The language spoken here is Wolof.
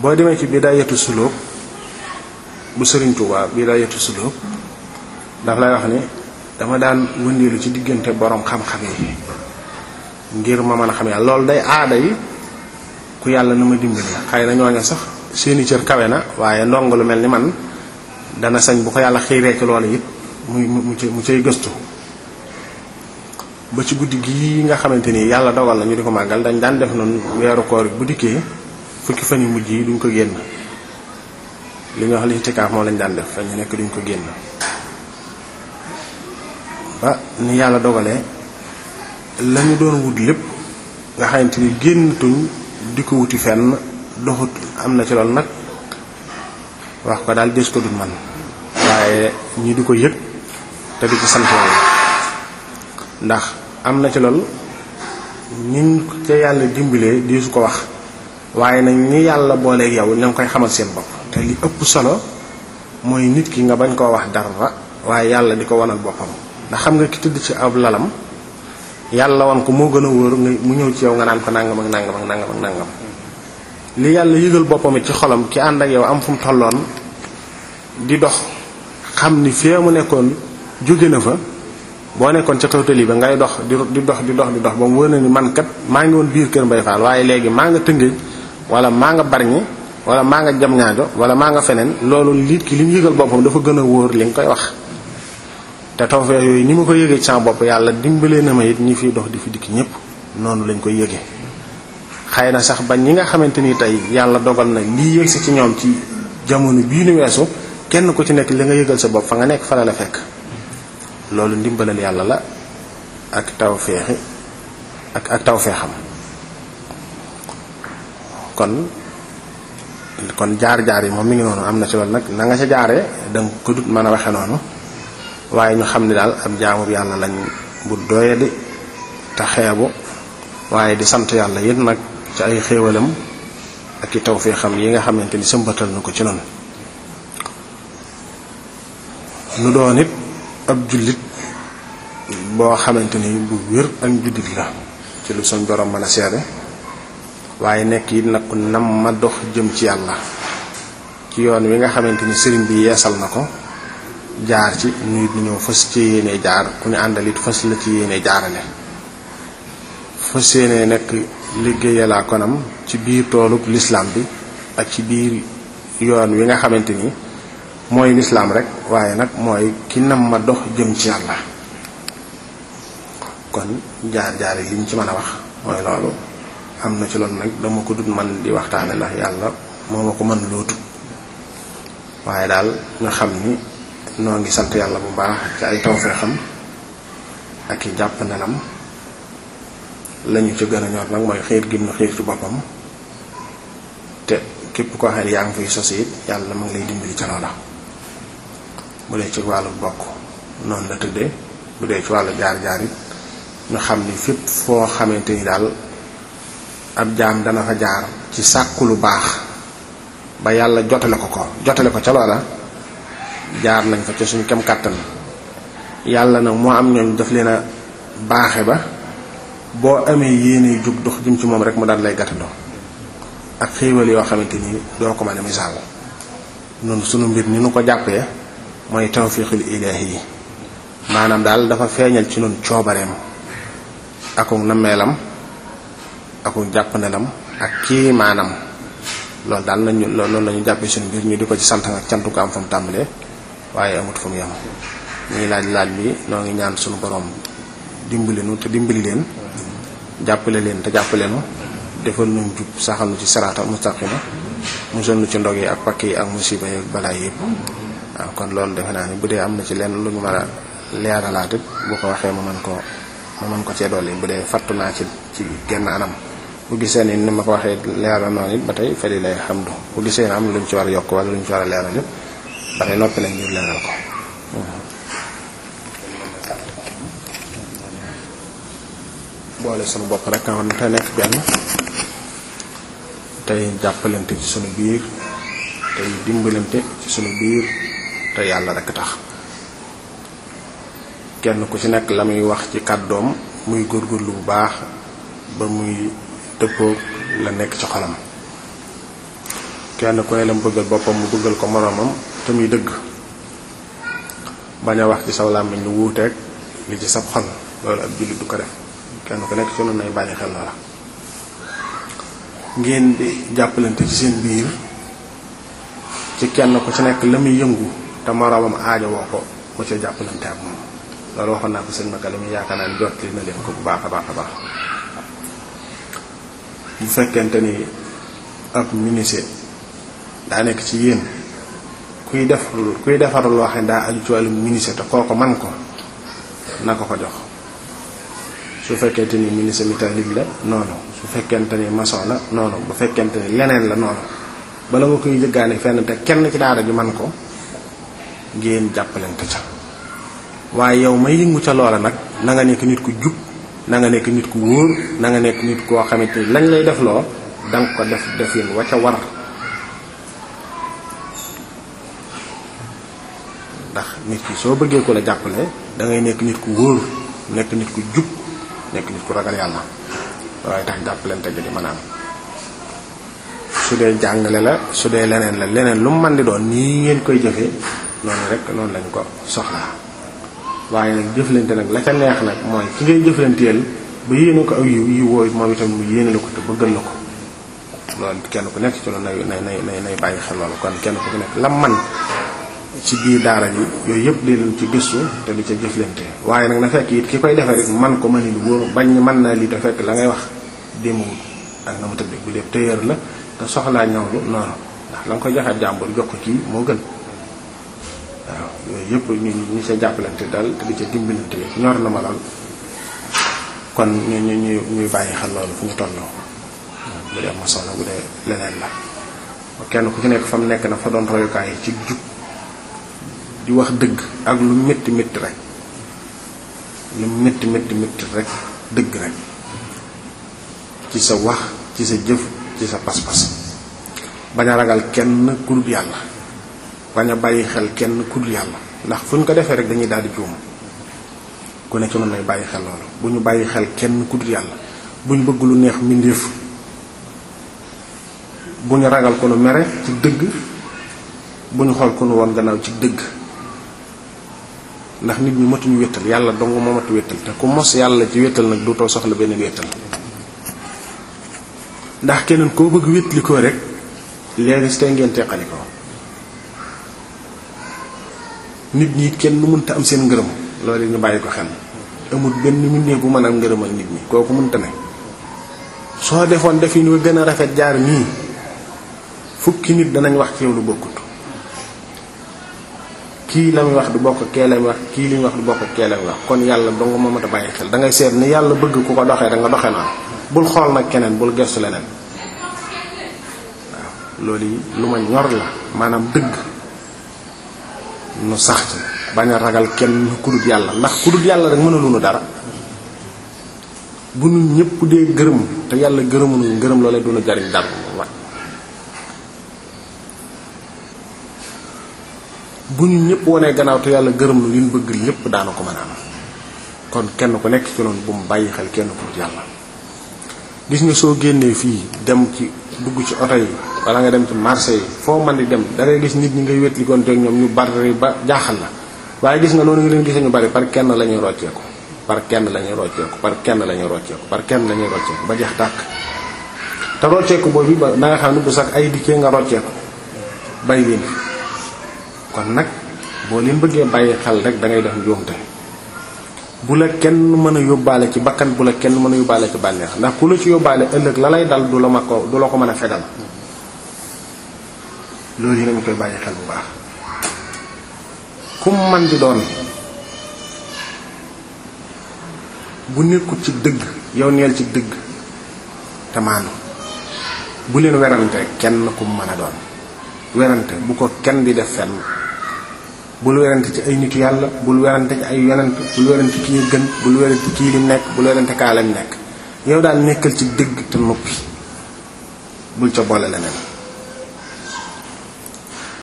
bo demé ci bidayatu suluk bu serigne touba bidayatu suluk daf lay wax ni dama daan wëndeelu ci digënté borom xam-xam yi ngir ma mëna xam yàlla lool day aada yi ku yalla na ma dimbali xëy na ñooña sax seeni cër kawé na waye ndong lu melni man dana sañ bu ko yalla xiiree ci lool yi muy mu cay mu cay gëstu ba ci guddigi nga xamanteni yalla dogal na ñu diko magal dañ daan def non wéru koor bu fukki fan yu mujj yi duñ ko génn li nga wax li itikaaf moom lañ daan def fan ñu nekk duñ ko génn ni yàlla dogalee la ñu doon wut nga xamante ni génnatuñ di ko wuti fenn doxut am na ci loolu nag wax ko daal des ko man waaye ñi di ko yëg te di ci ndax am na ci lool ñiñ ca yàlla dimbalee di su ko wax waaye nag ñi yàlla booleek yow ña ngi koy xamal seen bopp te li ëpp solo mooy nit ki nga bañ koo wax dara waaye yàlla di ko wanal boppam ndax xam nga ki tëdd ci ab lalam yàlla wan ko moo gën a wóor mu ñëw ci yow nga naan ko nàngam ak nangam ak nangam ak nangam li yàlla yëgal boppam ci xolam ki ànd ak yow am fu mu tolloon di dox xam ni fee mu nekkoon jóge na fa boo nekkoon ca kaw tali ba ngay dox di dox di dox di dox ba mu wóor na ni maa ngi woon biir kër Mbay léegi maa nga tëngëj wala ma nga barñi wala ma nga jam ñaajo wala ma nga fenen loolu liit ki lim yegal bopam dafa gëna woor li nga koy wax te tawfeex yoy ni ma ko yegge ci sama bopp yàlla dimbalee na ma yit ñi fi dox di fi dikk ñépp noonu lañ koy yegge xëy sax ba ñi nga xamanteni tay yalla dogal na li yegg ci ñom ci jamono bi nu weesu kenn ko ci nek li nga yegal sa bop fa nga nek fa la la loolu dimbalal yalla la ak tawfeexi ak ak tawfeexam kon kon jaar jaar yi moom mi ngi noonu am na ci loolu nag na nga ca jaaree da nga ko dut mën a waxe noonu waaye ñu xam ni daal ab jaamu yàlla lañ bu doye di te xeebu waaye di sant yàlla yit nag ci ay xéewalam ak i taw fee xam yi nga xamante ni sëmbatal na ko ci noonu nu doon it ab jullit boo xamante ni bu wér ak jullit la ci lu suñ borom mën a seede waaye nekk it nag ku nam ma dox jëm ci yàlla ci yoon wi nga xamante ni sëriñ bi yeesal na ko jaar ci ñu it ñëw fas ci yéene jaar ku ñu àndal it la ci yéene jaarale fas yéene nekk liggéeyalaa konam ci biir toolu lislaam bi ak ci biir yoon wi nga xamante ni mooy lislaam rek waaye nag mooy ki nam ma dox jëm ci yàlla kon jaar-jaar yi liñ ci mën a wax mooy loolu am na ci loolu nag dama ko dut man di waxtaane ndax yàlla moo ma ko mën lootu waaye daal nga xam ni noo ngi sant yàlla bu baax ci ay xam ak i jàpp nalam lañu ci gën a ñor nag mooy xiir gim na xiir ci boppam te képp koo xam ne yaa ngi fiy sos it yàlla ma ngi lay dimbali ca loola bu dee ci wàllu bokk noonu la tëddee bu dee ci wàllu jaar-jaar it nga xam ni fépp foo xamante ni daal ab jaam dana fa jaar ci sàkku lu baax ba yàlla jotale ko ko jotale ko ca loola jaar nañ fa ca suñ kem kàttan yàlla na moo am ñooñ def leen baaxe ba boo amee yéene jug dox jëm ci moom rek mu daal lay gàttandoo ak xéewal yoo xamante ni doo ko mën a misaal noonu sunu mbir ni nu ko jàppee mooy tawfiqul ilaahi yi maanaam daal dafa feeñal ci noonu coobareem akum nammeelam aku jàpp nelam ak kii maanam loolu daal lañu loolu la ñu jàppee suñu mbir ñu di ko ci sant ak cantu ko am fa mu tàmbalee waaye amut fa mu yem ñuy laaj laaj bi noo ngi ñaan suñu borom dimbali nu te dimbali leen jàppale leen te jàppale nu defal nu jub saxal nu ci saraata mustaqima musal nu ci ndog yi ak pakk yi ak musiba yi yëpp waaw kon loolu defe naa ni bu dee am na ci lenn lu ñu mën a leeralaat bu ko waxee ma mën ko ma man ko cee dolli bu dee fàttu naa ci ci bu gisee ni ni ma ko waxee leeral noonu it ba tey fali lay xam du bu gisee am na lu ñu war a yokk wala ñu ci war a leeral yëpp nañ ngir leeral ko boole suñu bopp rek amoon ah, te nekk benn tey jàppalante ci sunu biir tey dimbalante ci sunu biir te yàlla rek tax kenn ku ci nekk la muy wax ci kàddoom muy góorgóorlu bu baax ba muy dëppoo la nekk ci xolam kenn ku ne la mu bëggal boppam mu bëggal ko moroomam te muy dëgg bañ a wax ci saw làmmiñ lu wuuteeg li ci sab xol loolu ab jullit du ko def kenn ku nekk ci noonu nay ngeen di ci seen biir ci kenn ku ci nekk la muy yëngu te moroomam aajo woo ko mu ci jàppalante ak moom loolu waxoon naa ko sëñ Maka la muy yaakaar naa jot li na leen ko bu baax a baax a baax bu fekkente ni ab ministre daa nekk ci yéen kuy def kuy defar loo xam ne daa aju ci wàllum ministre te kooko man ko na ko ko jox su fekkente ni ministre mi taalib la noonu su fekkente ni maçon la noonu bu fekkente ni leneen la noonu bala nga koy jëggaane fenn te kenn ci daara ji man ko ngeen jàppalante ca waaye yow may yëngu ca loola nag na nga nekk nit ku jub na nga nek nit ku woor na nga nek nit ko xamante lañ lay def lo dang ko def defin wa ca war ndax nit ki so beugé ko la jappalé da ngay nek nit ku woor nek nit ku jub nek nit ku ragal yalla way tax jàppalante gi di manam su la su dee la leneen lu man di doon ni ngeen koy jëfé non rek non lañ ko soxla waaye nag jëflante nag la ca neex nag mooy ki ngay jëflanteel ba yéene ko ak yiw yiw wooyu moom itam mu yéene la ko te bëggal la ko loolu kenn ku nekk ci loolu nay nay nay nay bàyyi xel loolu kon kenn ku nekk la man ci biir daara ji yooyu yëpp di leen ci gëstu te du ca jëflante waaye nag na fekk it ki koy defe rek man ko mën lu wóor bañ mën naa lii te fekk la ngay wax démawul ak na mu tëdd bu dee téyër la te soxlaa ñawlu noonu ndax la nga koy joxe jàmbur jox ko kii moo gën yooyu yëpp ñu ñu sa jàppalante daal te di ca dimbalante ñor na ma lool kon ñu ñu ñu ñuy bàyyi xel loolu fu ñu tolloo bu dee ma soxla bu dee leneen la kenn ku ci nekk fa nekk na fa doon royukaay ci jub di wax dëgg ak lu métti métti rek lu métti métti métti rek dëgg rek ci sa wax ci sa jëf ci sa pas-pas bañ a ragal kenn kurub yàlla bañ a bàyyi xel kenn ku dul yàlla ndax fu ñu ko defee rek dañuy daal di juum ku ne ci mën bàyyi xel loolu bu ñu bàyyi xel kenn ku dul yàlla bu ñu bëgg lu neex mbindeef bu ñu ragal ko nu mere ci dëgg bu ñu xool ko woon gannaaw ci dëgg ndax nit ñi matuñu wéttal yàlla dong moo matu wéttal te ku mos yàlla ci wéttal nag dootoo soxla beneen wéttal ndax keneen koo bëgg wétli ko rek léegi si tey ngeen teqali ko nit ñi kenn lu mënta am seen ngërëm loolu ñu bàyyi ko xel amul benn mbindee bu mën am ak nit ñi kooku mënta ne soo defoon defin ñu gën a rafet jaar nii fukki nit danañ wax ci yow lu bokkut kii la muy wax du bokk kee la wax kii li wax du bokk kee la wax kon yàlla dong ma mata bàyyi xel da ngay seet ni yàlla bëgg ku ko doxee da nga doxe naa bul xool nag keneen bul gestu leneen waaw loolu lu ma ñor la maanaam dëgg nu sax ci bañ ragal kenn kudut yalla ndax kudut yalla rek mënalu nu dara bu nu ñepp de gërem te yalla gërem nu gërëm loolee duna jariñ dara wa bu ñu ñepp woné gannaaw te yalla gërem nu liñ bëgg lépp daana ko mëna am kon kenn ku nekk ci non bu mu bayyi xel kenn kudut yalla gis nga so génné fi dem ci dugg ci oto yi wala nga dem ci marché yi foo man di dem da ngay gis nit ñi ngay wétligoonte ak ñoom ñu bari ba jaaxal la waaye gis nga noonu nga leen gisee ñu bari par kenn la ñuy rocceeku par kenn la ñuy rocceeku par kenn la ñuy rocceeku par kenn la ñuy rocceeku ba jeex tàkk te rocceeku bi ba na xam ne bu sax ay dikkee nga rocceeku bay leen kon nag boo leen bëggee bàyyi xel rek da ngay def njuumte bu la kenn mën a yóbbaale ci bakkan bu la kenn mën a yóbbaale ci bànneex ndax ku la ci yóbbaale ëllëg la lay dal du la ma ko du la ko mën a fegal loolu yi koy bàyyi xel bu baax kum man di doon bu nekkul ci dëgg yow neel ci dëgg te maanu bu leen werante kenn kum mën a doon werante bu ko kenn di def fenn bul werante ci ay nitu yàlla bul werante ci ay yonent bul werante kii gën bul werante kii li nekk bul werante kaa lañ nekk yow daal nekkal ci dëgg te noppi bul ca boole leneen